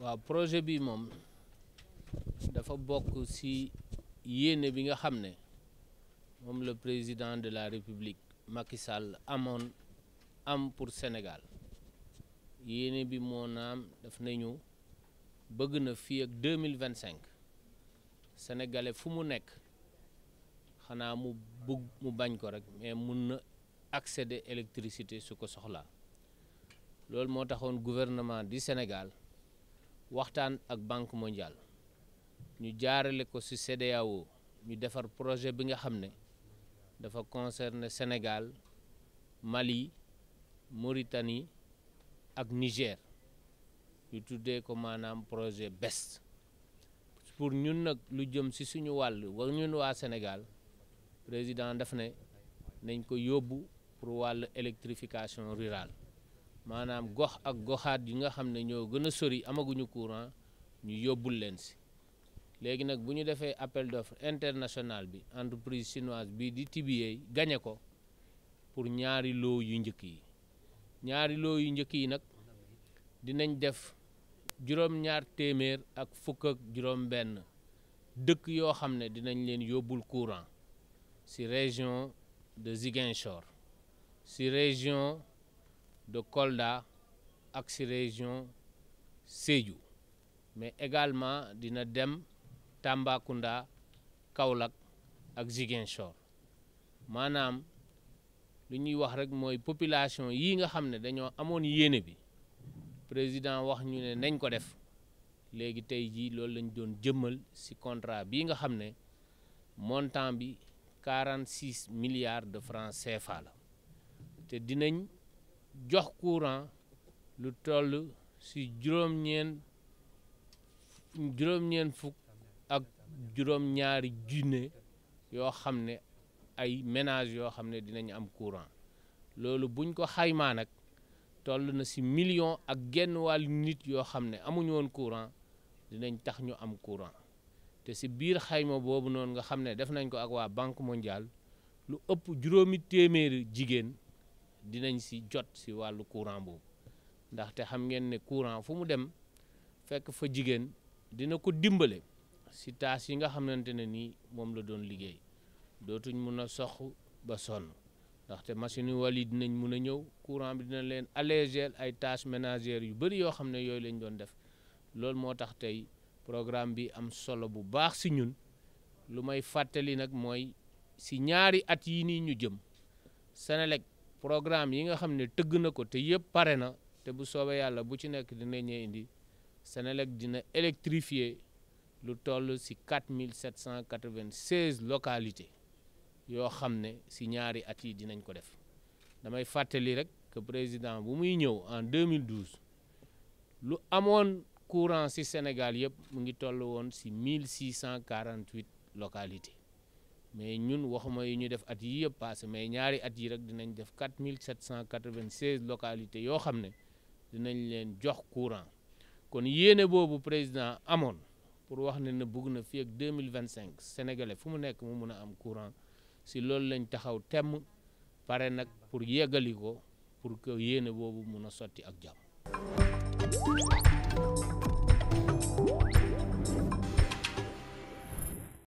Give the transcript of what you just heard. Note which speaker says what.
Speaker 1: waaw projet bi moom dafa bokk ci yéene bi nga xam ne moom le président de la république Macky Sall amoon am pour Sénégal yéene bi moo naam daf nañu bëgg na fii ak deux mille vingt cinq sénégalais fu mu nekk xanaa mu mu bañ ko rek mais mun na accéder électricité su ko soxla loolu moo taxoon gouvernement du Sénégal waxtaan ak banque mondiale ñu jaarale ko ci CEDEAO ñu defar projet bi nga xam ne dafa concerner Sénégal Mali Mauritanie ak Niger ñu tuddee ko maanaam projet BEST pour ñun nag lu jëm ci suñu wàll war ñun waa Sénégal président daf ne nañ ko yóbbu pour wàll électrification rurale maanaam gox ak goxaat yi nga xam ne ñoo gën a sori amaguñu courant ñu yóbbul leen si léegi nag bu ñu defee appel d'offre international bi entreprise chinoise bii di TBA gañe ko pour ñaari loo yu njëkk yi ñaari loo yu njëkk yi nag dinañ def juróom-ñaar téeméer ak fukk ak juróom-benn dëkk yoo xam ne dinañ leen yóbbul courant ci région de Ziguinchor ci région de Kolda ak ci région Sédhiou mais également dina dem Tambacounda Kaolack ak Ziguinchor maanaam lu ñuy wax rek mooy population yi nga xam ne dañoo amoon yéene bi président wax ñu ne nañ ko def léegi tey jii loolu lañ doon jëmmal ci contrat bi nga xam ne montant bi quarante six milliards de francs CFA la dinañ jox courant lu toll si juróom-ñeen juróom-ñeen fukk ak juróom-ñaari junne yoo xam ne ay ménage yoo xam ne dinañ am courant loolu buñ ko xaymaa nag toll na si million ak genn wàll nit yoo xam ne amuñu woon courant dinañ tax ñu am courant te si biir xayma boobu noonu nga xam ne def nañ ko ak waa Banque mondiale lu ëpp juróomi téeméeri jigéen dinañ si jot si wàllu courant boobu ndaxte xam ngeen ne courant fu mu dem fekk fa jigéen dina ko dimbale si tâche yi nga xamante ne nii moom la doon liggéey dootuñ mun a sox ba sonn ndaxte machine yu wàll yi dinañ mun a ñëw courant bi dina leen alléger ay tâches ménagères yu bëri yoo xam ne yooyu lañ doon def loolu moo tax tey programme bi am solo bu baax si ñun lu may fàttali nag mooy si ñaari at yi nii ñu jëm Senelec programme yi nga xam ne tëgg na ko te yëpp pare na te bu soobee yàlla bu ci nekk dina ñëw indi Senelec dina électrifier lu toll si mille 4796 localités yoo xam ne si ñaari at yi dinañ ko def damay fàttali rek que président bu muy ñëw en 2012 lu amoon courant si Sénégal yëpp mu ngi toll woon si mille 1648 localités mais ñun waxuma yi ñu def at yi yëpp passé mais ñaari at yi rek dinañ def 4796 localités yoo xam ne dinañ leen jox courant kon yéene boobu président amoon pour wax ne na bëgg na fii ak 2025 sénégalais fu mu nekk mu mun a am courant si loolu lañ taxaw temm pare nag pour yeggali ko pour que yéene boobu mun a sotti ak jàmm